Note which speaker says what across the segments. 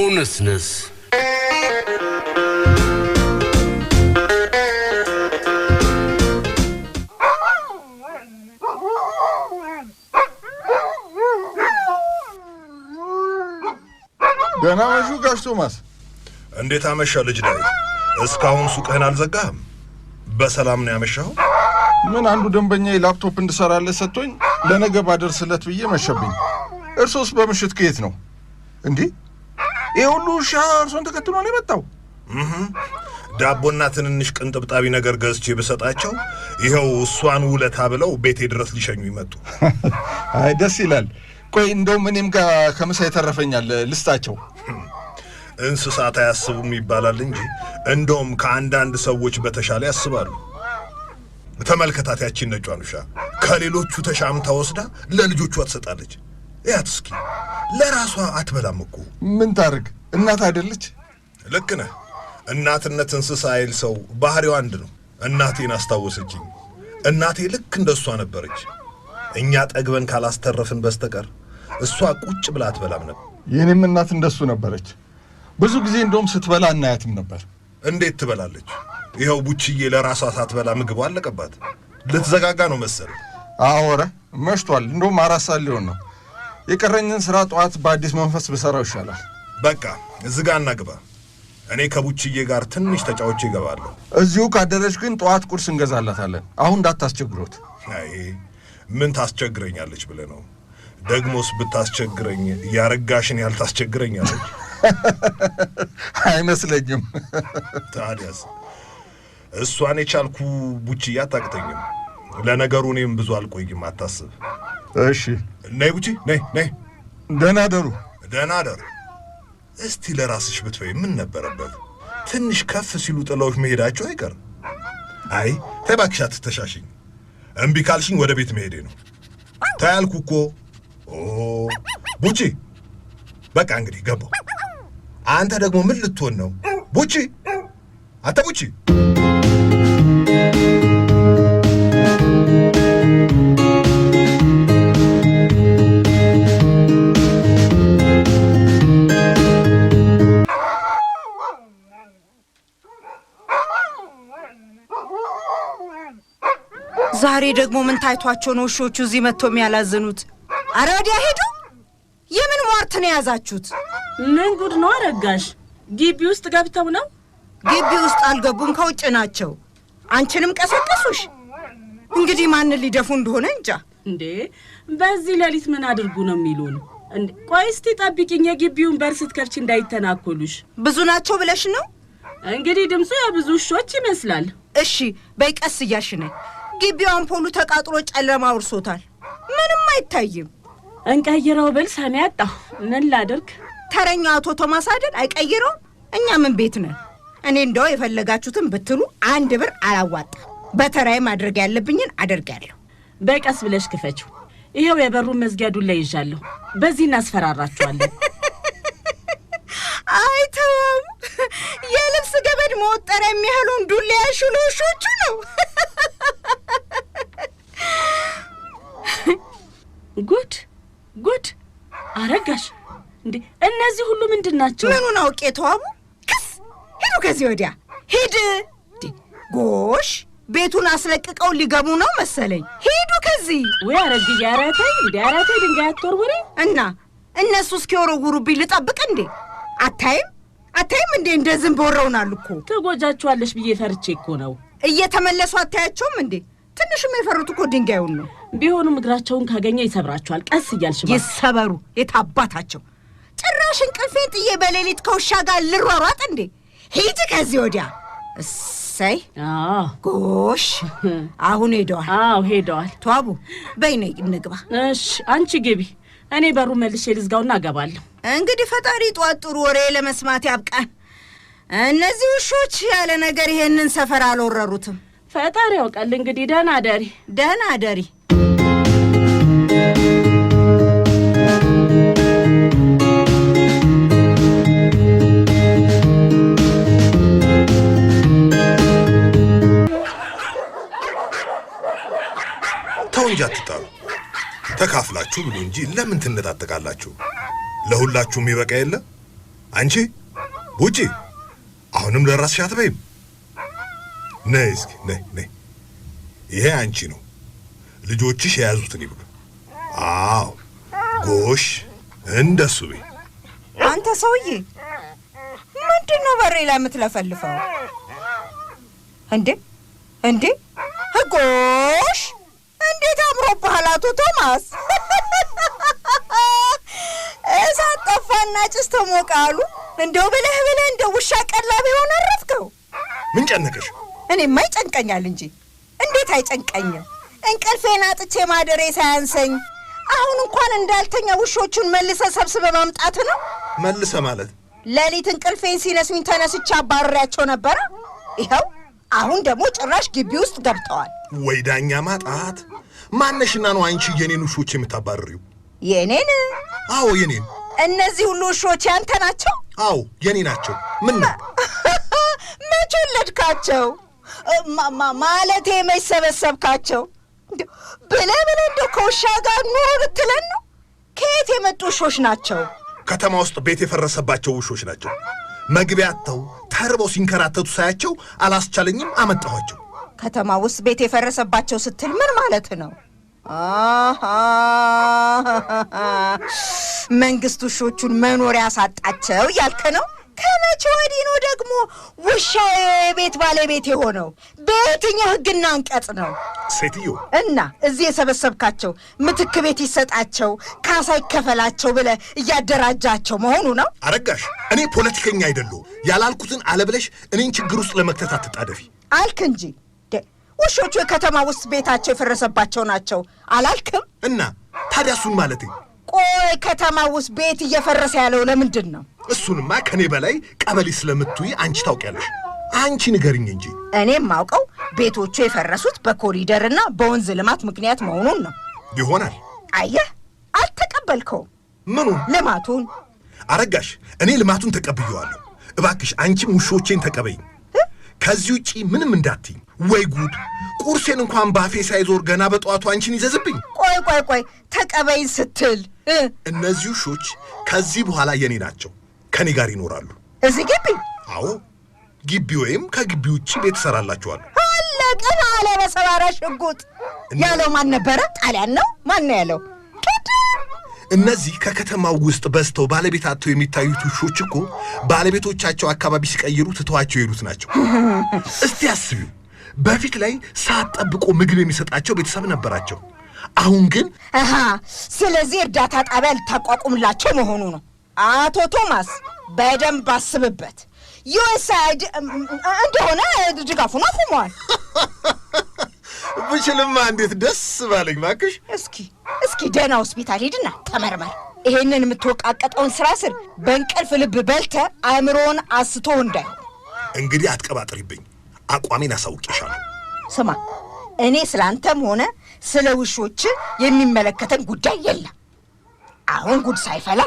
Speaker 1: Bundesness. ገና መሹ ጋሽ ቶማስ፣
Speaker 2: እንዴት አመሻ ልጅ ላይ እስካሁን ሱቅህን አልዘጋህም? በሰላም ነው ያመሻው
Speaker 1: ምን አንዱ ደንበኛ የላፕቶፕ እንድሰራለት ሰጥቶኝ ለነገ ባደርስለት ብዬ መሸብኝ። እርሶስ በምሽት ከየት ነው እንዲህ ይህ ሁሉ እርሶን ተከትሎ ነው የመጣው።
Speaker 2: ዳቦና ትንንሽ ቅንጥብጣቢ ነገር ገዝቼ ብሰጣቸው ይኸው እሷን ውለታ ብለው ቤቴ ድረስ ሊሸኙ ይመጡ።
Speaker 1: አይ ደስ ይላል። ቆይ እንደውም እኔም ጋር ከምሳ የተረፈኛል ልስጣቸው።
Speaker 2: እንስሳት አያስቡም ይባላል እንጂ እንደውም ከአንዳንድ ሰዎች በተሻለ ያስባሉ። ተመልከታት፣ ያቺን ነጯን ውሻ ከሌሎቹ ተሻምታ ወስዳ ለልጆቿ ትሰጣለች። ያት እስኪ ለራሷ አትበላም እኮ
Speaker 1: ምን ታርግ? እናት አይደለች?
Speaker 2: ልክ ነህ። እናትነት እንስሳ አይል ሰው ባህሪዋ አንድ ነው። እናቴን አስታወሰችኝ። እናቴ ልክ እንደ እሷ ነበረች። እኛ ጠግበን ካላስተረፍን በስተቀር እሷ ቁጭ ብላ አትበላም ነበር።
Speaker 1: የእኔም እናት እንደሱ ነበረች። ብዙ ጊዜ እንደውም ስትበላ እናያትም ነበር።
Speaker 2: እንዴት ትበላለች? ይኸው ቡችዬ ለራሷ ሳትበላ ምግቧ አለቀባት። ልትዘጋጋ ነው መሰለ
Speaker 1: አዎረ መሽቷል። እንደውም አራት ሰዓት ሊሆን ነው። የቀረኝን ስራ ጠዋት በአዲስ መንፈስ ብሰራው ይሻላል።
Speaker 2: በቃ እዚህ ጋ እናግባ። እኔ ከቡችዬ ጋር ትንሽ ተጫዎች ይገባለሁ።
Speaker 1: እዚሁ ካደረች ግን ጠዋት ቁርስ እንገዛላታለን። አሁን እንዳታስቸግሮት።
Speaker 2: አይ ምን ታስቸግረኛለች ብለህ ነው? ደግሞስ ብታስቸግረኝ ያረጋሽን ያህል ታስቸግረኛለች
Speaker 1: አይመስለኝም።
Speaker 2: ታዲያስ እሷን የቻልኩ ቡችዬ አታቅተኝም። ለነገሩ እኔም ብዙ አልቆይም፣ አታስብ። እሺ ነይ ቡቺ፣ ነይ ነይ። ደህና ደሩ። ደህና አደሩ። እስቲ ለራስሽ ብትወይ ምን ነበረበት? ትንሽ ከፍ ሲሉ ጥለውሽ መሄዳቸው አይቀርም። አይ ተይ እባክሽ አትተሻሽኝ። እምቢ ካልሽኝ ወደ ቤት መሄዴ ነው። ተይ አልኩ እኮ። ኦ ቡቺ፣ በቃ እንግዲህ ገባሁ። አንተ ደግሞ ምን ልትሆን ነው? ቡቺ፣ አንተ ቡቺ
Speaker 3: ዛሬ ደግሞ ምን ታይቷቸው ነው ውሾቹ እዚህ መጥተው የሚያላዝኑት? አረ ወዲያ ሄዱ። የምን ሟርት ነው የያዛችሁት?
Speaker 4: ምን ጉድ ነው አረጋሽ? ግቢ ውስጥ ገብተው ነው?
Speaker 3: ግቢ ውስጥ አልገቡም፣ ከውጭ ናቸው። አንቺንም ቀሰቀሱሽ። እንግዲህ ማንን ሊደፉ እንደሆነ እንጃ።
Speaker 4: እንዴ በዚህ ሌሊት ምን አድርጉ ነው የሚሉን? ቆይ እስቲ ጠብቂኝ፣ የግቢውን በር ስትከፍች እንዳይተናኮሉሽ።
Speaker 3: ብዙ ናቸው ብለሽ ነው?
Speaker 4: እንግዲህ ድምፁ የብዙ ውሾች ይመስላል።
Speaker 3: እሺ በይ፣ ቀስ እያልሽ ግቢው አምፖሉ ተቃጥሎ ጨለማ አውርሶታል። ምንም አይታይም።
Speaker 4: እንቀይረው ብል ሰሚ ያጣሁ። ምን ላድርግ?
Speaker 3: ተረኛው አቶ ቶማስ አይደል? አይቀይረው እኛ ምን ቤት ነን? እኔ እንደው የፈለጋችሁትን ብትሉ አንድ ብር አላዋጣም። በተራይ ማድረግ ያለብኝን አደርጋለሁ። በቀስ ብለሽ ክፈችው። ይኸው የበሩን መዝጊያ ዱላ ይዣለሁ። በዚህ እናስፈራራችኋለን። አይተውም። የልብስ ገበድ መወጠር የሚያህሉን ዱሊያ ሽኖሾቹ ነው።
Speaker 4: ጉድ ጉድ! አረጋሽ እንዴ! እነዚህ ሁሉ ምንድን ናቸው?
Speaker 3: ምኑን አውቄ ተዋቡ። ክስ ሂዱ፣ ከዚህ ወዲያ ሂድ። ጎሽ ቤቱን አስለቅቀው ሊገቡ ነው መሰለኝ። ሂዱ ከዚህ
Speaker 4: ወይ አረግ አራተኝ እንዲ አራተኝ ድንጋይ አትወርውሪ
Speaker 3: እና እነሱ እስኪወረውሩብኝ ልጠብቅ እንዴ? አታይም አታይም እንዴ? እንደ ዝም በወረውናል እኮ
Speaker 4: ትጎጃችኋለሽ ብዬ ፈርቼ እኮ ነው።
Speaker 3: እየተመለሱ አታያቸውም እንዴ? ትንሽም የፈሩት እኮ ድንጋዩን ነው።
Speaker 4: ቢሆኑም እግራቸውን ካገኘ ይሰብራቸዋል። ቀስ እያልሽ
Speaker 3: ይሰበሩ። የታባታቸው ጭራሽ እንቅልፌን ጥዬ በሌሊት ከውሻ ጋር ልሯሯጥ እንዴ? ሂድ ከዚህ ወዲያ። እሰይ ጎሽ፣ አሁን ሄደዋል።
Speaker 4: አዎ ሄደዋል።
Speaker 3: ተዋቡ በይ ነይ እንግባ።
Speaker 4: እሺ አንቺ ግቢ፣ እኔ በሩ መልሼ ልዝጋውና እገባለሁ።
Speaker 3: እንግዲህ ፈጣሪ ጧት ጥሩ ወሬ ለመስማት ያብቃን። እነዚህ ውሾች ያለ ነገር ይሄንን ሰፈር አልወረሩትም።
Speaker 4: ፈጣሪ ያውቃል። እንግዲህ ደህና ደሪ፣
Speaker 3: ደህና ደሪ።
Speaker 2: ተው እንጂ አትጣሉ፣ ተካፍላችሁ ብሉ እንጂ ለምን ትነጣጠቃላችሁ? ለሁላችሁም ይበቃ የለ አንቺ ውጪ። አሁንም ለራስሽ አትበይም። ነይ እስኪ ነይ ነይ፣ ይሄ አንቺ ነው። ልጆችሽ የያዙትን ይብሉ። አዎ ጎሽ፣ እንደሱ በይ።
Speaker 3: አንተ ሰውዬ ምንድን ነው በሬ ላይ የምትለፈልፈው እንዴ? እንዴ ጎሽ! እንዴት አምሮብሃል አቶ ቶማስ! እሳት ጠፋና ጭስ ተሞቀ አሉ። እንደው ብለህ ብለህ እንደው ውሻ ቀላቢ ሆነ አረፍከው። ምን ጨነቀሽ? እኔማ ይጨንቀኛል እንጂ እንዴት አይጨንቀኝም? እንቅልፌን አጥቼ ማደሬ ሳያንሰኝ አሁን እንኳን እንዳልተኛ ውሾቹን መልሰ ሰብስበ ማምጣት ነው።
Speaker 2: መልሰ ማለት
Speaker 3: ሌሊት እንቅልፌን ሲነሱኝ ተነስቼ አባረሪያቸው ነበረ። ይኸው አሁን ደግሞ ጭራሽ ግቢ ውስጥ ገብተዋል።
Speaker 2: ወይ ዳኛ ማጣት! ማነሽና ነው አንቺ የኔን ውሾች የምታባርሪው? የኔን? አዎ የኔን።
Speaker 3: እነዚህ ሁሉ ውሾች ያንተ ናቸው?
Speaker 2: አዎ የኔ ናቸው። ምን ነው
Speaker 3: መች ወለድካቸው? ማለቴ መች ሰበሰብካቸው? ብለህ ብለህ ከውሻ ጋር ኑሮ ብትለን ነው? ከየት የመጡ ውሾች ናቸው?
Speaker 2: ከተማ ውስጥ ቤት የፈረሰባቸው ውሾች ናቸው። መግቢያ አጥተው ተርበው ሲንከራተቱ ሳያቸው አላስቻለኝም፣ አመጣኋቸው።
Speaker 3: ከተማ ውስጥ ቤት የፈረሰባቸው ስትል ምን ማለት ነው? መንግስት ውሾቹን መኖሪያ ያሳጣቸው እያልክ ነው? ከመቼ ወዲህ ነው ደግሞ ውሻ የቤት ባለቤት የሆነው? በየትኛው ህግና አንቀጽ ነው? ሴትዮ እና እዚህ የሰበሰብካቸው ምትክ ቤት ይሰጣቸው፣ ካሳ ይከፈላቸው ብለ እያደራጃቸው መሆኑ ነው?
Speaker 2: አረጋሽ፣ እኔ ፖለቲከኛ አይደለሁ። ያላልኩትን አለብለሽ እኔን ችግር ውስጥ ለመክተት አትጣደፊ።
Speaker 3: አልክ እንጂ ውሾቹ የከተማ ውስጥ ቤታቸው የፈረሰባቸው ናቸው አላልክም?
Speaker 2: እና ታዲያ እሱን ማለቴ።
Speaker 3: ቆይ ከተማ ውስጥ ቤት እየፈረሰ ያለው ለምንድን ነው?
Speaker 2: እሱንማ ከኔ በላይ ቀበሌ ስለምትይ አንቺ ታውቂያለሽ። አንቺ ንገርኝ እንጂ።
Speaker 3: እኔ የማውቀው ቤቶቹ የፈረሱት በኮሪደርና በወንዝ ልማት ምክንያት መሆኑን ነው። ይሆናል። አየህ፣ አልተቀበልከውም። ምኑን? ልማቱን።
Speaker 2: አረጋሽ፣ እኔ ልማቱን ተቀብየዋለሁ። እባክሽ አንቺም ውሾቼን ተቀበይኝ። ከዚህ ውጪ ምንም እንዳትይኝ። ወይ ጉድ! ቁርሴን እንኳን ባፌ ሳይዞር ገና በጠዋቱ አንቺን ይዘዝብኝ።
Speaker 3: ቆይ ቆይ ቆይ ተቀበይን ስትል
Speaker 2: እነዚህ ውሾች ከዚህ በኋላ የኔ ናቸው፣ ከኔ ጋር ይኖራሉ። እዚህ ግቢ? አዎ ግቢ፣ ወይም ከግቢ ውጭ ቤት እሰራላችኋለሁ።
Speaker 3: አለቀ አለ በሰባራ ሽጉጥ ያለው ማን ነበረ? ጣሊያን ነው? ማን ነው ያለው?
Speaker 2: እነዚህ ከከተማው ውስጥ በዝተው ባለቤት አጥተው የሚታዩት ውሾች እኮ ባለቤቶቻቸው አካባቢ ሲቀይሩ ትተዋቸው የሄዱት ናቸው። እስቲ አስቢው። በፊት ላይ ሰዓት ጠብቆ ምግብ የሚሰጣቸው ቤተሰብ ነበራቸው። አሁን ግን
Speaker 3: ስለዚህ እርዳታ ጣቢያ ልታቋቁምላቸው መሆኑ ነው። አቶ ቶማስ በደንብ አስብበት። ዩኤስአይድ እንደሆነ ድጋፉን አቁመዋል።
Speaker 2: ብችልማ እንዴት ደስ ባለኝ ማክሽ
Speaker 3: እስኪ እስኪ ደህና ሆስፒታል ሂድና ተመርመር። ይሄንን የምትወቃቀጠውን ስራ ስር በእንቅልፍ ልብ በልተ አእምሮውን አስቶ እንዳይ
Speaker 2: እንግዲህ አትቀባጥሪብኝ። አቋሜን አሳውቅሻለሁ።
Speaker 3: ስማ፣ እኔ ስለ አንተም ሆነ ስለ ውሾች የሚመለከተን ጉዳይ የለም። አሁን ጉድ ሳይፈላ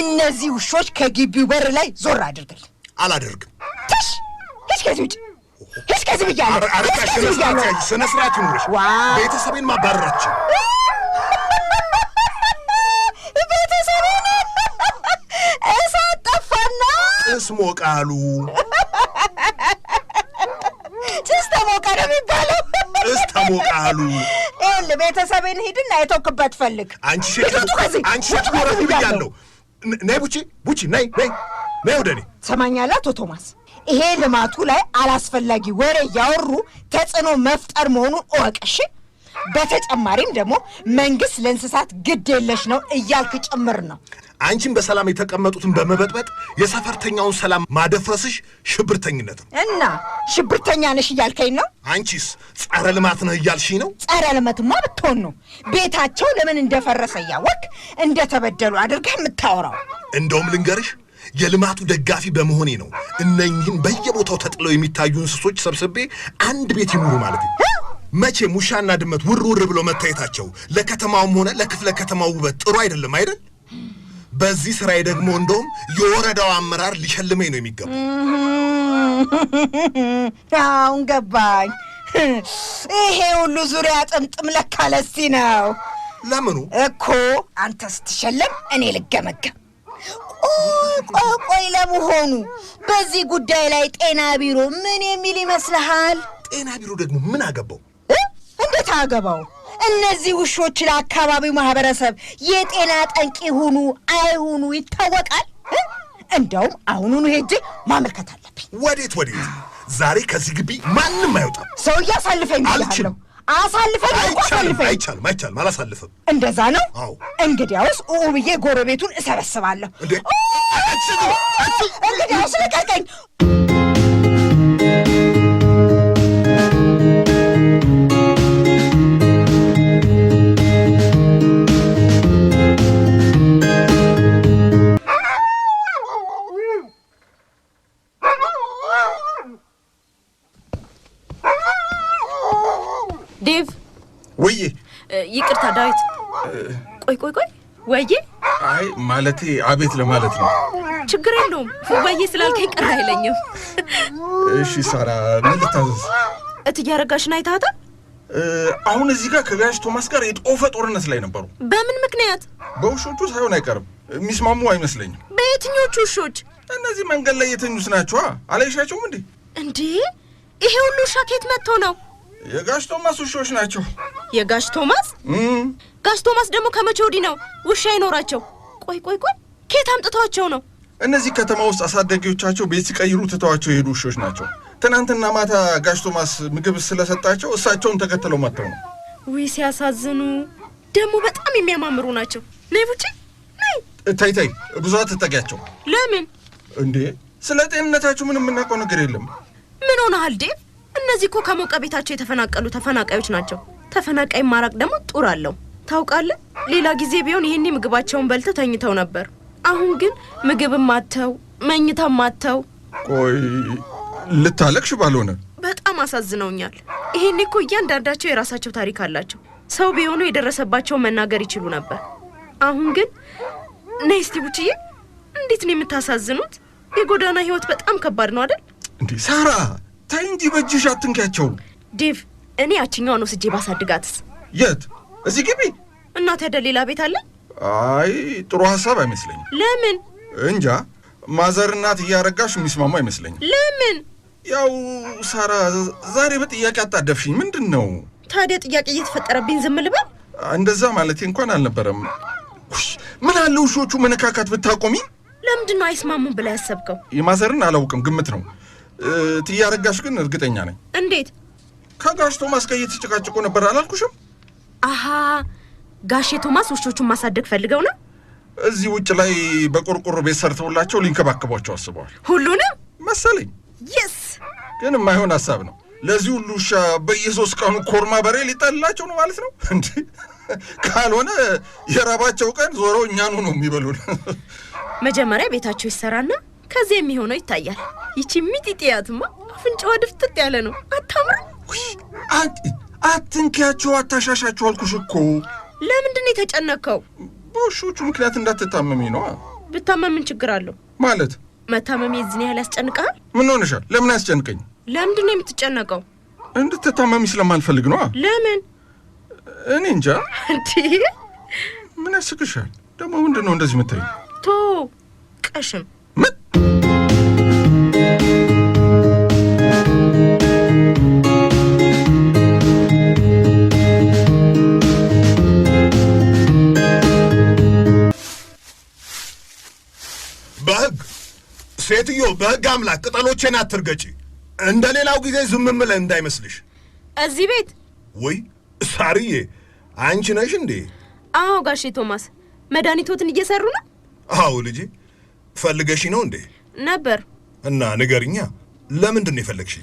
Speaker 3: እነዚህ ውሾች ከግቢው በር ላይ ዞር አድርግል። አላደርግም። ትሽ ሂጅ ከዚህ ውጭ ሂጅ ከዚህ
Speaker 2: ብያለሁ። ስነ ስርዓት ይኑርሽ። ቤተሰቤን ማባረራቸው
Speaker 3: ቤተሰቤን እሳት ጠፋና
Speaker 2: ጥስ ቃሉ ሞቅ አሉ።
Speaker 3: ይኸውልህ ቤተሰብን ሂድና የተውክበት ፈልግ።
Speaker 2: አንቺ ሸቱ ከዚህ አንቺ ሸቱ ወረድ ብያለሁ። ነይ ቡቺ፣ ቡቺ ነይ፣ ነይ፣ ነይ ወደ እኔ።
Speaker 3: ትሰማኛለህ አቶ ቶማስ፣ ይሄ ልማቱ ላይ አላስፈላጊ ወሬ እያወሩ ተጽዕኖ መፍጠር መሆኑን እወቀሽ። በተጨማሪም ደግሞ መንግስት ለእንስሳት ግድ የለሽ ነው እያልክ ጭምር ነው።
Speaker 2: አንቺን በሰላም የተቀመጡትን በመበጥበጥ የሰፈርተኛውን ሰላም ማደፍረስሽ ሽብርተኝነት ነው።
Speaker 3: እና ሽብርተኛ ነሽ እያልከኝ ነው?
Speaker 2: አንቺስ ጸረ ልማት ነህ እያልሽኝ ነው?
Speaker 3: ጸረ ልማትማ ብትሆን ነው ቤታቸው ለምን እንደፈረሰ እያወቅ እንደተበደሉ አድርገህ የምታወራው።
Speaker 2: እንደውም ልንገርሽ የልማቱ ደጋፊ በመሆኔ ነው እነኝህን በየቦታው ተጥለው የሚታዩ እንስሶች ሰብስቤ አንድ ቤት ይኑሩ ማለት ነው። መቼም ውሻና ድመት ውር ውር ብሎ መታየታቸው ለከተማውም ሆነ ለክፍለ ከተማው ውበት ጥሩ አይደለም አይደል? በዚህ ስራ ደግሞ እንደውም የወረዳው አመራር ሊሸልመኝ ነው የሚገባው።
Speaker 3: አሁን ገባኝ። ይሄ ሁሉ ዙሪያ ጥምጥም ለካ ለሲ ነው። ለምኑ እኮ አንተ ስትሸለም እኔ ልገመገም። ቆይ ቆይ፣ ለመሆኑ በዚህ ጉዳይ ላይ ጤና ቢሮ ምን የሚል ይመስልሃል?
Speaker 2: ጤና ቢሮ ደግሞ ምን አገባው?
Speaker 3: እንዴት አገባው? እነዚህ ውሾች ለአካባቢው ማህበረሰብ የጤና ጠንቅ ይሁኑ አይሁኑ ይታወቃል። እንደውም አሁኑኑ ሄጄ ማመልከት አለብኝ።
Speaker 2: ወዴት ወዴት? ዛሬ ከዚህ ግቢ ማንም አይወጣም።
Speaker 3: ሰውዬ አሳልፈኝ ብያለሁ። አሳልፈኝ አሳልፈኝ። አይቻልም፣ አይቻልም፣ አላሳልፍም። እንደዛ ነው? አዎ። እንግዲያውስ ኡ ብዬ ጎረቤቱን እሰበስባለሁ። እንግዲያውስ ልቀቀኝ። ወዬ ይቅርታ ዳዊት። ቆይ ቆይ ቆይ ወዬ። አይ ማለቴ አቤት ለማለት ነው። ችግር የለውም ወዬ ስላልከኝ ቅር አይለኝም። እሺ ሳራ ምን ልታዘዝ? እትዬ አረጋሽን አሁን እዚህ ጋር ከጋሽ ቶማስ ጋር የጦፈ ጦርነት ላይ ነበሩ። በምን ምክንያት? በውሾቹ ሳይሆን አይቀርም የሚስማሙ አይመስለኝም። በየትኞቹ ውሾች? እነዚህ መንገድ ላይ የተኙት ናቸዋ። አላይሻቸውም እንዴ? እንዴ ይሄ ሁሉ ሻኬት መጥቶ ነው የጋሽ ቶማስ ውሾች ናቸው። የጋሽ ቶማስ ጋሽ ቶማስ ደግሞ ከመቼ ወዲህ ነው ውሻ አይኖራቸው? ቆይ ቆይ ቆይ ኬት አምጥተዋቸው ነው? እነዚህ ከተማ ውስጥ አሳዳጊዎቻቸው ቤት ሲቀይሩ ትተዋቸው የሄዱ ውሾች ናቸው። ትናንትና ማታ ጋሽ ቶማስ ምግብ ስለሰጣቸው እሳቸውን ተከትለው መጥተው ነው። ውይ ሲያሳዝኑ፣ ደግሞ በጣም የሚያማምሩ ናቸው። ነይ ቡጭ ነይ። ተይ ተይ፣ ብዙ አትጠጊያቸው። ለምን እንዴ? ስለ ጤንነታችሁ ምን የምናውቀው ነገር የለም። ምን ሆነሃል ዴቭ? እነዚህ እኮ ከሞቀ ቤታቸው የተፈናቀሉ ተፈናቃዮች ናቸው። ተፈናቃይ ማራቅ ደግሞ ጡር አለው ታውቃለህ። ሌላ ጊዜ ቢሆን ይህኔ ምግባቸውን በልተው ተኝተው ነበር። አሁን ግን ምግብም ማተው፣ መኝታም ማተው ቆይ ልታለቅሽ ባልሆነ በጣም አሳዝነውኛል። ይህኒ እኮ እያንዳንዳቸው የራሳቸው ታሪክ አላቸው። ሰው ቢሆኑ የደረሰባቸው መናገር ይችሉ ነበር። አሁን ግን ነይ እስቲ ቡችዬ፣ እንዴት ነው የምታሳዝኑት! የጎዳና ህይወት በጣም ከባድ ነው አይደል? እንዴ ሳራ ታይ እንጂ በእጅሽ አትንኪያቸው። ዴቭ፣ እኔ ያችኛዋን ወስጄ ባሳድጋትስ? የት? እዚህ ግቢ። እናት ያደ ሌላ ቤት አለ? አይ ጥሩ ሀሳብ አይመስለኝም። ለምን? እንጃ ማዘር እናት እያረጋሽ የሚስማሙ አይመስለኝም። ለምን? ያው ሳራ፣ ዛሬ በጥያቄ አጣደፍሽኝ። ምንድን ነው ታዲያ? ጥያቄ እየተፈጠረብኝ ዝም ልበል? እንደዛ ማለቴ እንኳን አልነበረም። ምን አለ ውሾቹ መነካካት ብታቆሚ። ለምንድን ነው አይስማሙም ብላ ያሰብከው? የማዘርን አላውቅም፣ ግምት ነው ትያረጋሽ ግን እርግጠኛ ነኝ። እንዴት? ከጋሽ ቶማስ ጋር እየተጨቃጨቁ ነበር አላልኩሽም? አሀ ጋሼ ቶማስ ውሾቹን ማሳደግ ፈልገው ነው። እዚህ ውጭ ላይ በቆርቆሮ ቤት ሰርተውላቸው ሊንከባከቧቸው አስበዋል። ሁሉንም መሰለኝ። የስ ግን የማይሆን ሀሳብ ነው። ለዚህ ሁሉ ውሻ በየሶስት ቀኑ ኮርማ በሬ ሊጠልላቸው ነው ማለት ነው እንዴ? ካልሆነ የራባቸው ቀን ዞረው እኛኑ ነው የሚበሉን። መጀመሪያ ቤታቸው ይሰራና ከዚህ የሚሆነው ይታያል። ይቺ ሚጢጢያትማ አፍንጫዋ ድፍጥጥ ያለ ነው። አታምር። አትንኪያቸው፣ አታሻሻቸው አልኩሽ እኮ። ለምንድን የተጨነከው? በውሾቹ ምክንያት እንዳትታመሚ ነው። ብታመም ምን ችግር አለው? ማለት መታመሚ የዚህን ያህል ያስጨንቃል? ምን ሆነሻል? ለምን አያስጨንቀኝ? ለምንድን ነው የምትጨነቀው? እንድትታመሚ ስለማልፈልግ ነው። ለምን? እኔ እንጃ። ምን ያስቅሻል ደግሞ? ምንድን ነው እንደዚህ የምታይ? ቶ ቀሽም ሴትዮ፣ በሕግ አምላክ ቅጠሎቼን አትርገጪ። እንደ ሌላው ጊዜ ዝም ምልህ እንዳይመስልሽ። እዚህ ቤት ወይ ሳርዬ፣ አንቺ ነሽ እንዴ? አዎ ጋሼ ቶማስ መድኃኒቶትን እየሰሩ ነው። አዎ ልጄ ፈልገሽ ነው እንዴ? ነበር እና ንገርኛ፣ ለምንድን ነው የፈለግሽ?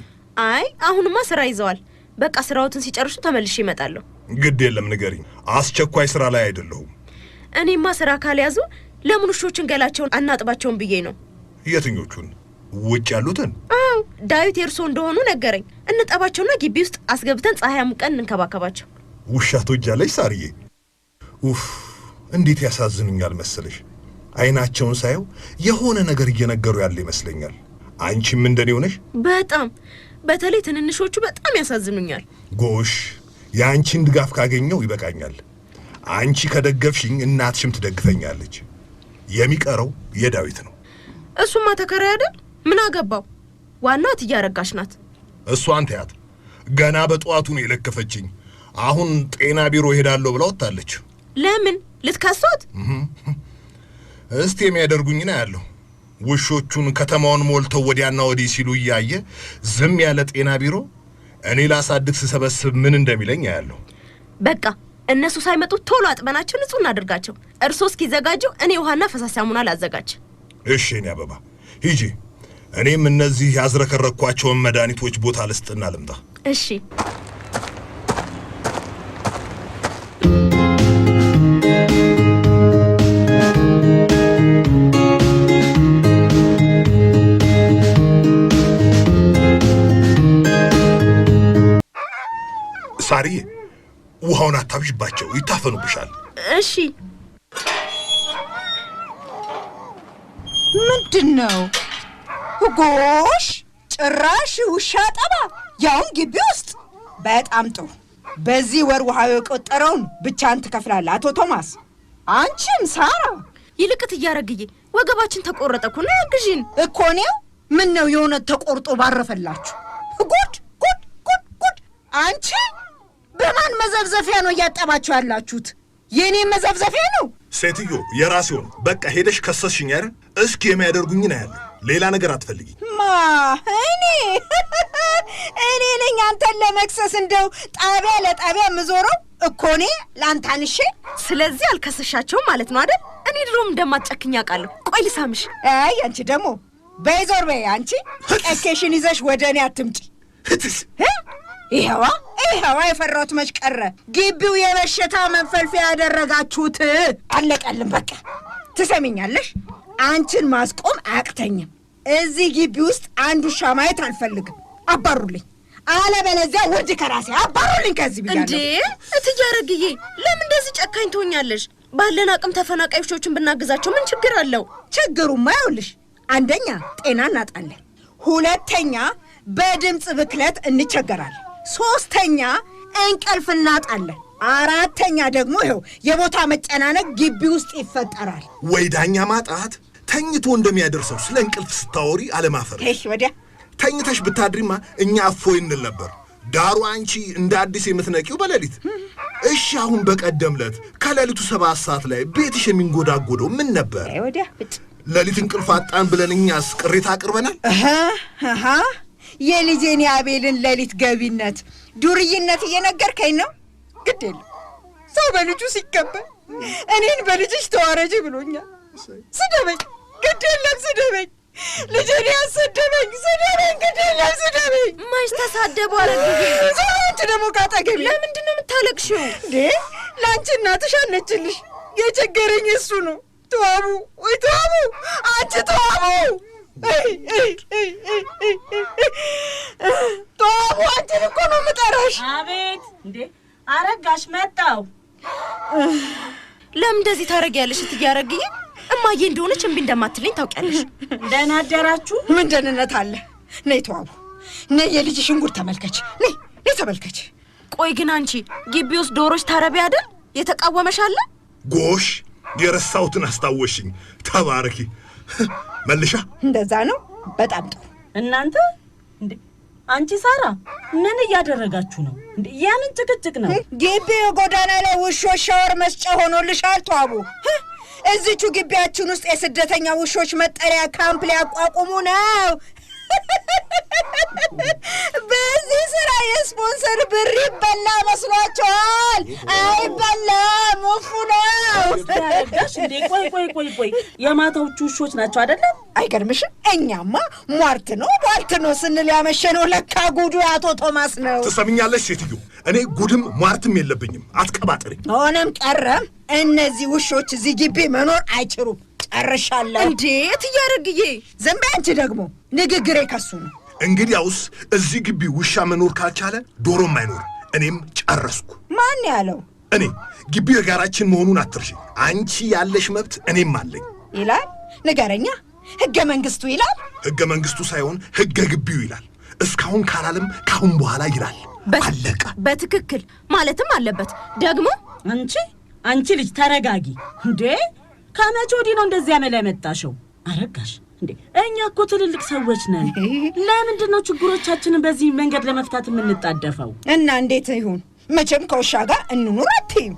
Speaker 3: አይ አሁንማ ስራ ይዘዋል። በቃ ስራዎትን ሲጨርሱ ተመልሼ እመጣለሁ። ግድ የለም ንገሪኝ፣ አስቸኳይ ስራ ላይ አይደለሁም። እኔማ ስራ ካልያዙ ለምን ውሾችን ገላቸውን አናጥባቸውን ብዬ ነው። የትኞቹን? ውጭ ያሉትን? አዎ ዳዊት የእርሶ እንደሆኑ ነገረኝ። እንጠባቸውና ግቢ ውስጥ አስገብተን ፀሐይ አሙቀን እንንከባከባቸው። ውሻ ትወጃለሽ ሳርዬ? ኡፍ እንዴት ያሳዝኑኛል መሰለሽ አይናቸውን ሳየው የሆነ ነገር እየነገሩ ያለ ይመስለኛል። አንቺም እንደኔ ሆነሽ? በጣም በተለይ ትንንሾቹ በጣም ያሳዝኑኛል። ጎሽ፣ የአንቺን ድጋፍ ካገኘው ይበቃኛል። አንቺ ከደገፍሽኝ እናትሽም ትደግፈኛለች። የሚቀረው የዳዊት ነው። እሱማ ተከራ ያደል ምን አገባው? ዋናት እያረጋሽ ናት። እሷን ተያት። ገና በጠዋቱ ነው የለከፈችኝ። አሁን ጤና ቢሮ እሄዳለሁ ብላ ወጥታለች። ለምን ልትከሷት? እስቲ የሚያደርጉኝ ነው ያለው። ውሾቹን ከተማውን ሞልተው ወዲያና ወዲህ ሲሉ እያየ ዝም ያለ ጤና ቢሮ እኔ ላሳድግ ስሰበስብ ምን እንደሚለኝ ያለው። በቃ እነሱ ሳይመጡ ቶሎ አጥበናቸው ንጹህ እናደርጋቸው። እርስዎ እስኪዘጋጁ እኔ ውሃና ፈሳሽ ሳሙና ላዘጋጅ። እሺ እኔ አበባ ሂጂ። እኔም እነዚህ ያዝረከረኳቸውን መድኃኒቶች ቦታ ልስጥና ልምጣ። እሺ ፈጣሪ ውሃውን አታብዥባቸው፣ ይታፈኑብሻል። እሺ። ምንድን ነው ጎሽ? ጭራሽ ውሻ ጠባ፣ ያውም ግቢ ውስጥ። በጣም ጥሩ። በዚህ ወር ውሃ የቆጠረውን ብቻን ትከፍላለህ አቶ ቶማስ፣ አንቺም ሳራ። ይልቅት እያረግዬ ወገባችን ተቆረጠ እኮ ነው ያግዢን እኮ እኔው። ምን ነው የሆነ ተቆርጦ ባረፈላችሁ። ጉድ ጉድ ጉድ ጉድ! አንቺ በማን መዘፍዘፊያ ነው እያጠባችሁ ያላችሁት? የእኔ መዘፍዘፊያ ነው? ሴትዮ የራሴው ነው። በቃ ሄደሽ ከሰስሽኝ አይደል? እስኪ ነው ያለ። ሌላ ነገር አትፈልጊ። ማ እኔ እኔ ነኝ አንተን ለመክሰስ እንደው ጣቢያ ለጣቢያ የምዞረው እኮ እኔ ለአንተ አንሼ። ስለዚህ አልከሰሻቸውም ማለት ነው አይደል? እኔ ድሮም እንደማትጨክኝ አውቃለሁ። ቆይ ልሳምሽ። አይ አንቺ ደግሞ በይዞር በይ። አንቺ ቀኬሽን ይዘሽ ወደ እኔ አትምጪ። ይኸዋ ይኸዋ የፈራሁት መች ቀረ። ግቢው የበሽታ መንፈልፊያ ያደረጋችሁት አለቀልም። በቃ ትሰሚኛለሽ፣ አንቺን ማስቆም አያቅተኝም። እዚህ ግቢ ውስጥ አንድ ውሻ ማየት አልፈልግም። አባሩልኝ፣ አለበለዚያ ውድ ከራሴ አባሩልኝ ከዚህ ብያ። እንዴ እትዬ አረግዬ፣ ለምን እንደዚህ ጨካኝ ትሆኛለሽ? ባለን አቅም ተፈናቃይ ውሾችን ብናግዛቸው ምን ችግር አለው? ችግሩማ ይኸውልሽ፣ አንደኛ ጤና እናጣለን፣ ሁለተኛ በድምፅ ብክለት እንቸገራለን ሶስተኛ እንቅልፍ እናጣለን። አራተኛ ደግሞ ይኸው የቦታ መጨናነቅ ግቢ ውስጥ ይፈጠራል። ወይ ዳኛ ማጣት ተኝቶ እንደሚያደርሰው ስለ እንቅልፍ ስታወሪ አለማፈር። ወዲያ ተኝተሽ ብታድሪማ እኛ እፎይ እንል ነበር። ዳሩ አንቺ እንደ አዲስ የምትነቂው በሌሊት። እሺ አሁን በቀደም ዕለት ከሌሊቱ ሰባት ሰዓት ላይ ቤትሽ የሚንጎዳጎደው ምን ነበር? ወዲያ ሌሊት እንቅልፍ አጣን ብለን እኛስ ቅሬታ አቅርበናል። የልጄን የአቤልን ሌሊት ገቢነት ዱርይነት እየነገርከኝ ነው። ግድ የለም ሰው በልጁ ሲቀበል እኔን በልጅሽ ተዋረጅ ብሎኛል። ስደበኝ፣ ግድ የለም ስደበኝ። ልጄን ያሰደበኝ ስደበኝ፣ ግድ የለም ስደበኝ። ማሽ ተሳደቡ አለ ዘንች ደግሞ ካጠገብ ለምንድን ነው የምታለቅሽው? ዴ ለአንቺ እናትሽ አለችልሽ። የቸገረኝ እሱ ነው። ተዋቡ ወይ ተዋቡ፣ አንቺ ተዋቡ ጧሙ አንቺን እኮ ነው የምጠራሽ። አቤት እንዴ! አረጋሽ መጣው። ለምን እንደዚህ ታደርጊያለሽ? እትያረግዬ እማዬ እንደሆነች እምቢ እንደማትለኝ ታውቂያለሽ። ደህና አደራችሁ። ምን ደህንነት አለ? ነይ ተዋቡ፣ ነይ የልጅ ሽንጉር ተመልከች። ነይ ነይ ተመልከች። ቆይ ግን አንቺ ግቢ ውስጥ ዶሮች ታረቢ አይደል? የተቃወመሽ አለ? ጎሽ፣ የረሳሁትን አስታወሽኝ። ተባረኪ መልሻ እንደዛ ነው። በጣም ጥሩ። እናንተ አንቺ ሳራ ምን እያደረጋችሁ ነው? የምን ጭቅጭቅ ነው? ግቢው የጎዳና ላይ ውሾች ሻወር መስጫ ሆኖልሻል። ተዋቡ እዚቹ ግቢያችን ውስጥ የስደተኛ ውሾች መጠለያ ካምፕ ሊያቋቁሙ ነው። በዚህ ስራ የስፖንሰር ብር ይበላ መስሏቸዋል። አይበላም፣ ወፉ ነው። ቆይ ቆይ ቆይ ቆይ የማታዎቹ ውሾች ናቸው አይደለም? አይገርምሽም? እኛማ ሟርት ነው ሟርት ነው ስንል ያመሸነው ለካ ጉዱ አቶ ቶማስ ነው። ትሰምኛለሽ ሴትዮ፣ እኔ ጉድም ሟርትም የለብኝም። አትቀባጥሪ። ሆነም ቀረም እነዚህ ውሾች እዚህ ግቢ መኖር አይችሉም። ጨርሻለሁ። እንዴት እያደረግዬ? ዝም በይ አንቺ። ደግሞ ንግግሬ ከሱ ነው። እንግዲያውስ እዚህ ግቢ ውሻ መኖር ካልቻለ ዶሮም አይኖርም። እኔም ጨረስኩ። ማን ያለው? እኔ ግቢ የጋራችን መሆኑን አትርሽ። አንቺ ያለሽ መብት እኔም አለኝ ይላል። ንገረኛ። ህገ መንግስቱ ይላል። ህገ መንግስቱ ሳይሆን ህገ ግቢው ይላል። እስካሁን ካላለም ካሁን በኋላ ይላል። አለቀ። በትክክል ማለትም አለበት ደግሞ አንቺ አንቺ ልጅ ተረጋጊ እንዴ! ከመቼ ወዲህ ነው እንደዚህ ያመላ የመጣሽው? አረጋሽ እንዴ! እኛ እኮ ትልልቅ ሰዎች ነን። ለምንድን ነው ችግሮቻችንን በዚህ መንገድ ለመፍታት የምንጣደፈው? እና እንዴት ይሁን መቼም ከውሻ ጋር እንኑር አትይም።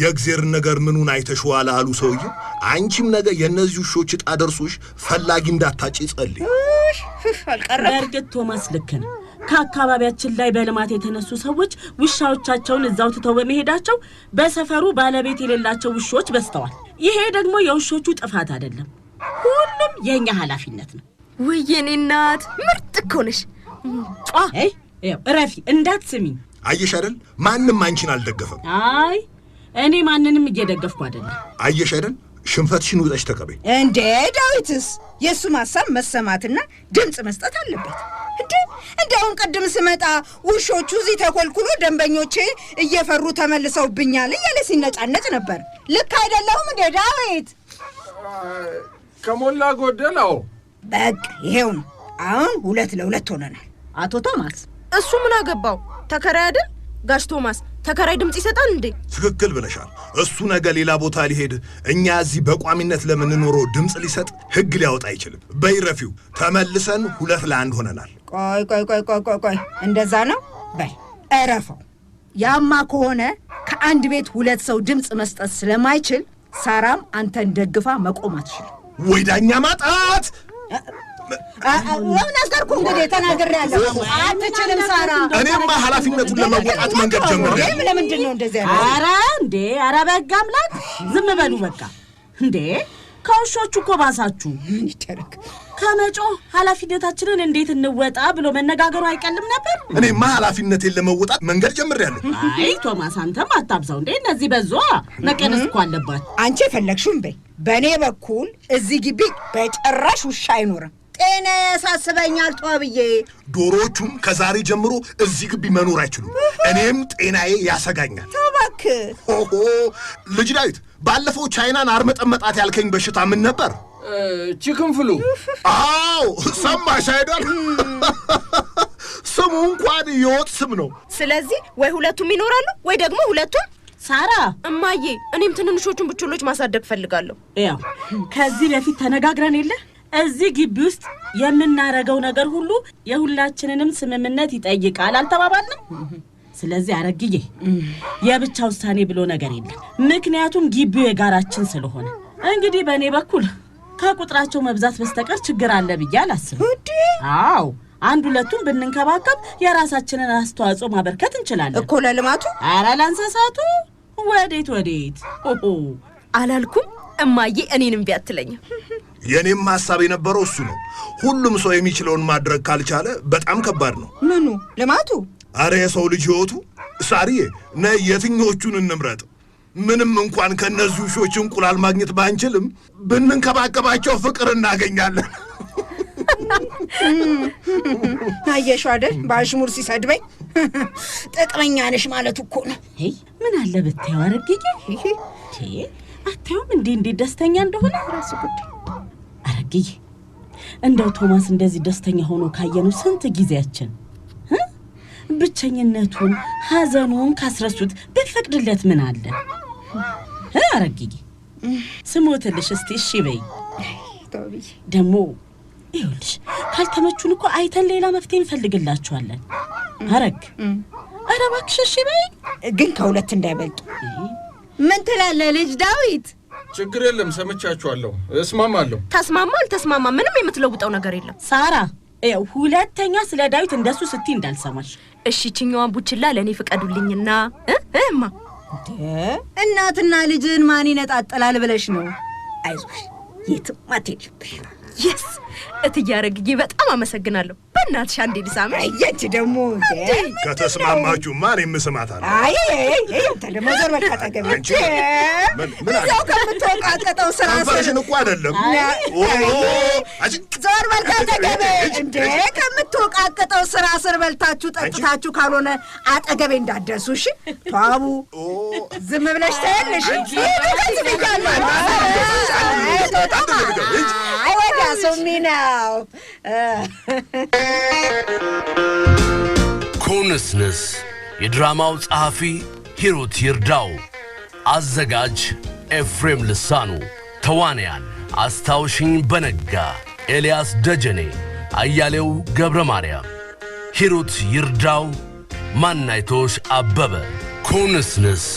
Speaker 3: የእግዜርን ነገር ምኑን አይተሽዋል አሉ ሰውዬ። አንቺም ነገ የእነዚህ ውሾች ዕጣ ደርሶሽ ፈላጊ እንዳታጭ ጸልይ። በእርግጥ ቶማስ ልክ ነው። ከአካባቢያችን ላይ በልማት የተነሱ ሰዎች ውሻዎቻቸውን እዛው ትተው በመሄዳቸው በሰፈሩ ባለቤት የሌላቸው ውሾች በዝተዋል። ይሄ ደግሞ የውሾቹ ጥፋት አይደለም፣ ሁሉም የእኛ ኃላፊነት ነው። ውይ የኔ እናት ምርጥ እኮ ነሽ። እረፊ፣ እንዳትስሚኝ። አየሽ አይደል ማንም አንቺን አልደገፈም። አይ እኔ ማንንም እየደገፍኩ አይደለም። አየሽ አይደል ሽንፈትሽን ውጠሽ ተቀበይ። እንዴ ዳዊትስ የእሱም ሀሳብ መሰማትና ድምፅ መስጠት አለበት። እንዴ እንዲያውም ቅድም ስመጣ ውሾቹ እዚህ ተኮልኩሎ ደንበኞቼ እየፈሩ ተመልሰውብኛል እያለ ሲነጫነጭ ነበር። ልክ አይደለሁም እንዴ ዳዊት? ከሞላ ጎደል አዎ። በቃ ይሄው ነው። አሁን ሁለት ለሁለት ሆነናል። አቶ ቶማስ እሱ ምን አገባው? ተከራይ አይደል ጋሽ ቶማስ ተከራይ ድምፅ ይሰጣል እንዴ? ትክክል ብለሻል። እሱ ነገ ሌላ ቦታ ሊሄድ፣ እኛ እዚህ በቋሚነት ለምንኖረው ድምፅ ሊሰጥ ህግ ሊያወጣ አይችልም። በይረፊው ተመልሰን ሁለት ለአንድ ሆነናል። ቆይ ቆይ ቆይ ቆይ ቆይ ቆይ፣ እንደዛ ነው በይ እረፈው። ያማ ከሆነ ከአንድ ቤት ሁለት ሰው ድምፅ መስጠት ስለማይችል ሳራም አንተን ደግፋ መቆም አትችልም። ወይ ዳኛ ማጣት ለምን አስቀርኩ? እንግዲህ ተናግሬያለሁ። አትችልም ሳራ። እኔማ ኃላፊነቱን ለመወጣት መንገድ ጀምሬያለሁ። ለምንድን ነው እንደዚህ? ኧረ እንዴ! ኧረ በሕግ አምላክ ዝም በሉ በቃ። እንዴ ከውሾቹ እኮ ባሳችሁ። ይደረግ ከመጮ ኃላፊነታችንን እንዴት እንወጣ ብሎ መነጋገሩ አይቀልም ነበር። እኔማ ኃላፊነቴን ለመወጣት መንገድ ጀምሬያለሁ። አይ ቶማስ፣ አንተም አታብዛው እንዴ። እነዚህ በዛ መቀነስ እኮ አለባት። አንቺ የፈለግሽውን በይ። በእኔ በኩል እዚህ ግቢ በጭራሽ ውሻ አይኖርም። ጤና ያሳስበኛል ተዋብዬ። ዶሮዎቹም ከዛሬ ጀምሮ እዚህ ግቢ መኖር አይችሉም። እኔም ጤናዬ ያሰጋኛል። ተው ኦሆ ልጅ ዳዊት፣ ባለፈው ቻይናን አርመጠመጣት ያልከኝ በሽታ ምን ነበር? ቺክን ፍሉ። አዎ ሰማሽ አይደል? ስሙ እንኳን የወጥ ስም ነው። ስለዚህ ወይ ሁለቱም ይኖራሉ ወይ ደግሞ ሁለቱም ሳራ እማዬ፣ እኔም ትንንሾቹን ብችሎች ማሳደግ ፈልጋለሁ። ያው ከዚህ በፊት ተነጋግረን የለ እዚህ ግቢ ውስጥ የምናረገው ነገር ሁሉ የሁላችንንም ስምምነት ይጠይቃል። አልተባባልንም? ስለዚህ አረግዬ የብቻ ውሳኔ ብሎ ነገር የለም። ምክንያቱም ግቢው የጋራችን ስለሆነ እንግዲህ በእኔ በኩል ከቁጥራቸው መብዛት በስተቀር ችግር አለ ብዬ አላስብም። አዎ አንድ ሁለቱን ብንንከባከብ የራሳችንን አስተዋጽኦ ማበርከት እንችላለን እኮ ለልማቱ። ኧረ ለእንስሳቱ ወዴት ወዴት አላልኩም እማዬ እኔንም ቢያትለኝም የእኔም ሀሳብ የነበረው እሱ ነው። ሁሉም ሰው የሚችለውን ማድረግ ካልቻለ በጣም ከባድ ነው። ምኑ ልማቱ? አረ የሰው ልጅ ህይወቱ። ሳርዬ ነ የትኞቹን እንምረጥ? ምንም እንኳን ከእነዚህ ውሾች እንቁላል ማግኘት ባንችልም ብንንከባከባቸው ፍቅር እናገኛለን። አየሽ አይደል በአሽሙር ሲሰድበኝ ጥቅመኛ ነሽ ማለት እኮ ነው። ምን አለ ብታየው አረጌጌ አታዩም እንዴ እንዴት ደስተኛ እንደሆነ? ራሱ ጉዳይ አረግዬ፣ እንደው ቶማስ እንደዚህ ደስተኛ ሆኖ ካየነው ስንት ጊዜያችን። ብቸኝነቱን ሀዘኑን ካስረሱት ብንፈቅድለት ምን አለ? አረግዬ ስሞትልሽ እስቲ እሺ በይ። ደግሞ ይኸውልሽ ካልተመቹን እኮ አይተን ሌላ መፍትሄ እንፈልግላችኋለን። አረግ፣ አረ እባክሽ እሺ በይ። ግን ከሁለት እንዳይበልጡ ምን ትላለህ ልጅ ዳዊት? ችግር የለም ሰምቻችኋለሁ፣ እስማማለሁ። ተስማማ አልተስማማ ምንም የምትለውጠው ነገር የለም። ሳራ ያው ሁለተኛ ስለ ዳዊት እንደሱ ስትይ እንዳልሰማሽ እሺ። ችኛዋን ቡችላ ለእኔ ፍቀዱልኝና እማ እናትና ልጅን ማን ይነጣጠላል ብለሽ ነው? አይዞሽ የትም አትሄጂም። የስ እትዬ አረግዬ በጣም አመሰግናለሁ። በእናትሽ አንዴ ልሳምሽ። እየች ደግሞ ከተስማማችሁማ እኔም እስማታለሁ። አይ አንተ ዞር በል እዛው ከምትወቃቀጠው ስራ ከንፈርሽን እኮ አይደለም። ዞር በል እንዴ ከምትወቃቀጠው ስራ ስር በልታችሁ ጠጥታችሁ ካልሆነ አጠገቤ እንዳደርሱ። እሺ ተዋቡ፣ ዝም ብለሽ ተያለሽ። አይ ወዲያ ሱሚ ነው ኩንስንስ የድራማው ጸሐፊ ሂሩት ይርዳው፣ አዘጋጅ ኤፍሬም ልሳኑ፣ ተዋንያን አስታውሽኝ በነጋ፣ ኤልያስ ደጀኔ፣ አያሌው ገብረ ማርያም፣ ሂሩት ይርዳው፣ ማናይቶሽ አበበ ኩንስንስ